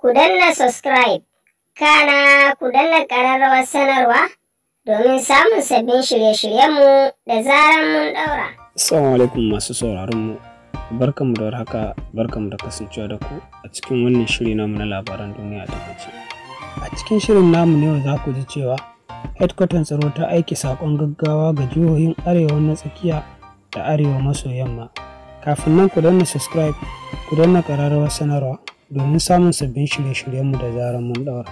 ku danna subscribe kana ku danna ƙararrawar sanarwa domin samun sabbin shirye-shiryenmu da zarar mun daura. Assalamu alaikum masu sauraronmu. Barkanmu da warhaka, barkanmu da kasancewa da ku a cikin wannan shiri namu na labaran duniya ta kace. A cikin shirin namu ne za ku ji cewa headquarter tsaro ta aiki saƙon gaggawa ga jihohin arewa na tsakiya da arewa maso yamma. Kafin nan ku danna subscribe, ku danna ƙararrawar sanarwa. domin samun sabbin shirye-shiryenmu da zarar mun ɗaura.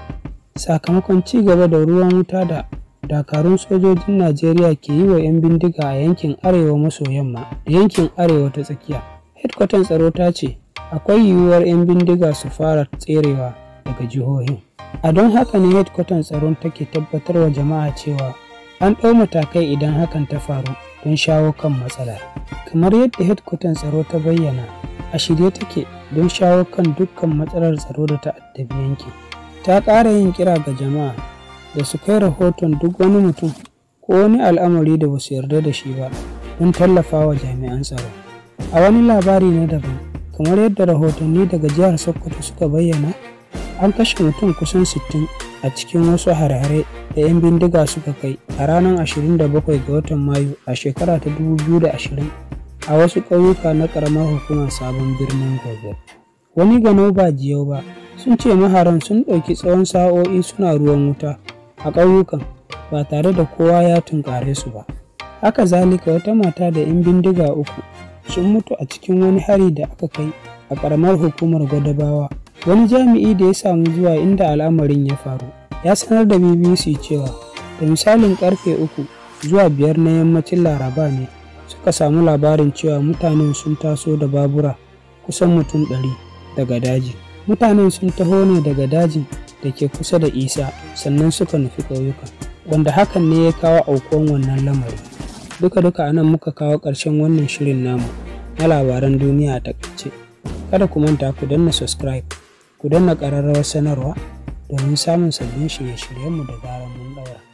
Sakamakon ci gaba da ruwan wuta da dakarun sojojin Najeriya ke yi wa 'yan bindiga a yankin arewa maso yamma da yankin arewa ta tsakiya. Hedkwatan tsaro ta ce akwai yiwuwar 'yan bindiga su fara tserewa daga jihohin. A don haka ne hedkwatan tsaron take tabbatar wa jama'a cewa an ɗau matakai idan hakan ta faru don shawo kan matsalar. Kamar yadda hedkwatan tsaro ta bayyana, a shirye take don shawo kan dukkan matsalar tsaro da ta addabi yankin ta ƙara yin kira ga jama'a da su kai rahoton duk wani mutum ko wani al'amari da ba su yarda da shi ba don tallafawa jami'an tsaro a wani labari na daban kamar yadda rahotanni daga jihar sokoto suka bayyana an kashe mutum kusan 60 a cikin wasu harare da 'yan bindiga suka kai a ranar 27 ga watan mayu a shekara ta 2020 a wasu ƙauyuka na ƙaramar hukumar sabon birnin gobe wani gano ba jiyau ba sun ce maharan sun ɗauki tsawon sa'o'i suna ruwan wuta a ƙauyukan ba tare da kowa ya tunƙare su ba haka zalika wata mata da 'yan bindiga uku sun mutu a cikin wani hari da aka kai a ƙaramar hukumar gwadabawa wani jami'i da ya samu zuwa inda al'amarin ya faru ya sanar da bbc cewa da misalin karfe uku zuwa biyar na yammacin laraba ne suka samu labarin cewa mutanen sun taso da babura kusan mutum ɗari daga daji mutanen sun taho ne daga dajin da ke kusa da isa sannan suka nufi ƙauyuka wanda hakan ne ya kawo aukuwan wannan lamari duka duka anan muka kawo ƙarshen wannan shirin namu na labaran duniya a takaice kada ku manta ku danna subscribe ku danna ƙararrawar sanarwa domin samun sabbin shirye-shiryenmu da gara mun ɗaura